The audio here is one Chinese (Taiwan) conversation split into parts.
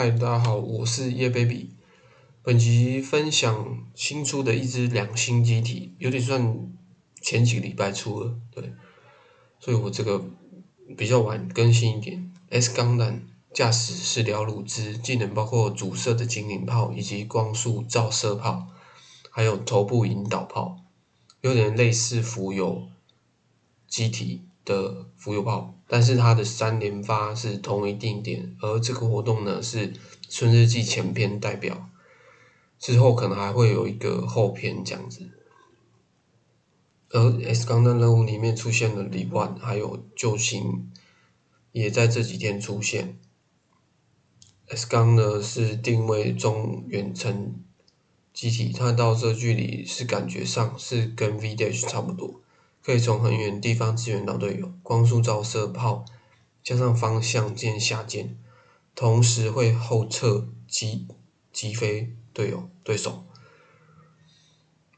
嗨，Hi, 大家好，我是葉 baby。本集分享新出的一隻兩星機體，有點算前幾個禮拜出的，對，所以我這個比較晚更新一點。S 鋼彈駕駛是遼路茲，技能包括主射的精靈炮以及光速照射炮，還有頭部引導炮，有點類似浮游機體。的浮游炮，但是它的三連發是同一定點，而這個活動呢是春日季前篇代表，之後可能還會有一個後篇這樣子。而 S 鋼的任務裡面出現了李萬，還有救星，也在這幾天出現。S 鋼呢是定位中遠程機體，它到這距離是感覺上是跟 V dash 差不多。可以從很遠地方支援到隊友，光速照射炮加上方向鍵下鍵，同時會後撤擊擊飛隊友對手。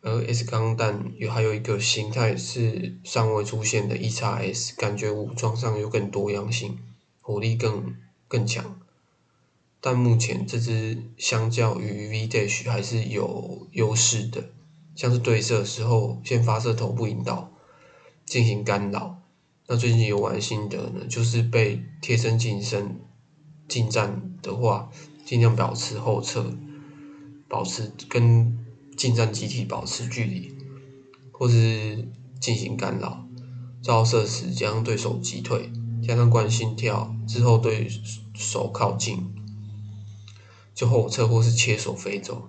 而 S 鋼彈有，還有一個形態是尚未出現的 EXS，感覺武裝上有更多樣性，火力更更強。但目前這支相較於 V Dash 還是有優勢的，像是對射時候先發射頭部引導。進行干擾。那最近有玩的心得呢，就是被貼身近身近戰的話，儘量保持後撤，保持跟近戰機體保持距離，或是進行干擾。照射時將對手擊退，加上慣性跳之後，對手靠近就後撤或是切手飛走。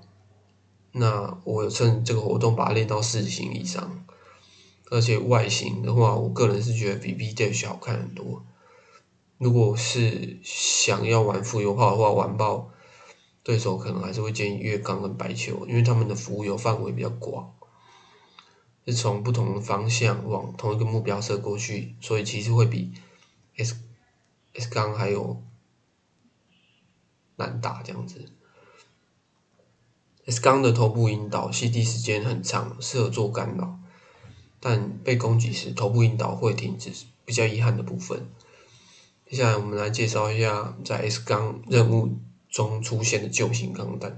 那我趁這個活動把它練到四星以上。而且外形的話，我個人是覺得比 B Dash 好看很多。如果是想要玩浮游炮的話，玩爆對手，可能還是會建議月鋼跟白球，因為他們的浮游範圍比較廣，是從不同的方向往同一個目標射過去，所以其實會比 S S 鋼還有難打這樣子。S 鋼的頭部引導 CD 時間很長，適合做干擾。但被攻擊時頭部引導會停止，比較遺憾的部分。接下來我們來介紹一下在 S 鋼任務中出現的救星鋼彈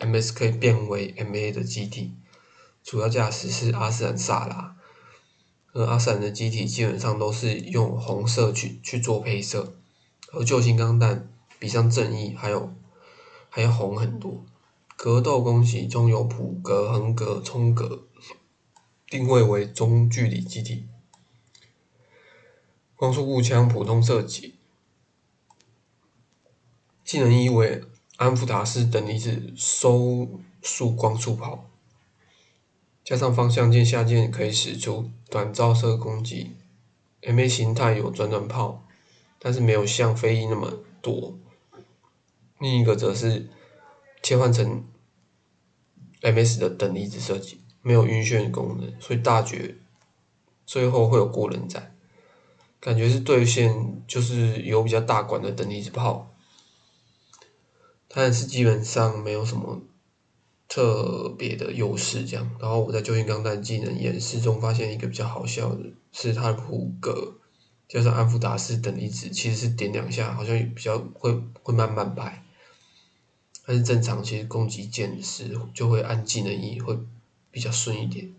MS 可以變為 MA 的機體，主要駕駛是阿斯蘭·薩拉。而阿斯蘭的機體基本上都是用紅色去去做配色，而救星鋼彈比上正義還有還要紅很多。格鬥攻擊中有普格、橫格、衝格。定位為中距離機體，光束步槍普通射擊，技能一為安芙塔斯等離子收束光束炮，加上方向鍵下鍵可以使出短照射攻擊。M A 形態有轉轉炮，但是沒有像飛翼那麼多。另一個則是切換成 M S 的等離子射擊。沒有暈眩功能，所以大絕最後會有過人戰，感覺是對線就是有比較大管的等離子炮，但是基本上沒有什麼特別的優勢。這樣，然後我在救星鋼彈技能演示中發現一個比較好笑的，是他的普格，加上安福達斯等離子，其實是點兩下好像比較會會慢慢擺，但是正常，其實攻擊鍵是就會按技能一會。比較順一點，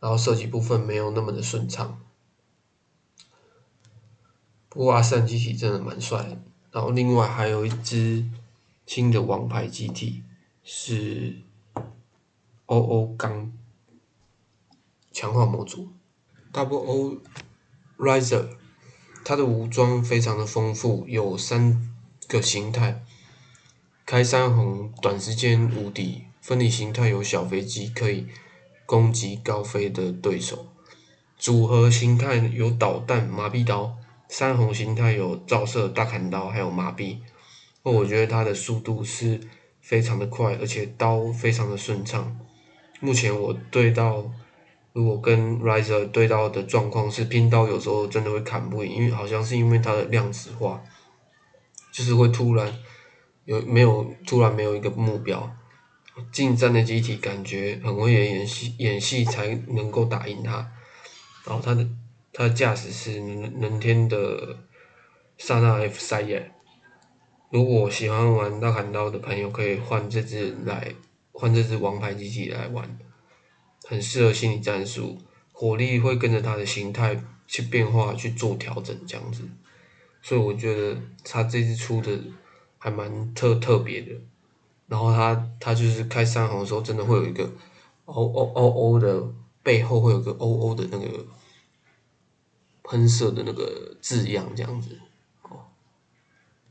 然後射擊部分沒有那麼的順暢。不過阿三機體真的蠻帥的，然後另外還有一只新的王牌機體是 OO 鋼強化模組 Double O Riser，它的武裝非常的豐富，有三個形態。開三紅短時間無敵，分離形態有小飛機可以攻擊高飛的對手，組合形態有導彈、麻痹刀，三紅形態有照射、大砍刀還有麻痹。哦，我覺得它的速度是非常的快，而且刀非常的順暢。目前我對到，如果跟 Raiser 對到的狀況是拼刀，有時候真的會砍不贏，因為好像是因為它的量子化，就是會突然。有沒有突然沒有一個目標？近戰的機體感覺很會演戲，演戲才能夠打贏他。然後他的他的駕駛是能，能天的剎那 F 塞耶。如果喜歡玩大砍刀的朋友，可以換這只來換這只王牌機體來玩，很適合心理戰術，火力會跟着他的形態去變化去做調整，這樣子。所以我覺得他這次出的，還蠻特特別的，然後它它就是開三行的時候，真的會有一個，O O O O 的，背後會有個 O O 的那個噴射的那個字樣，這樣子。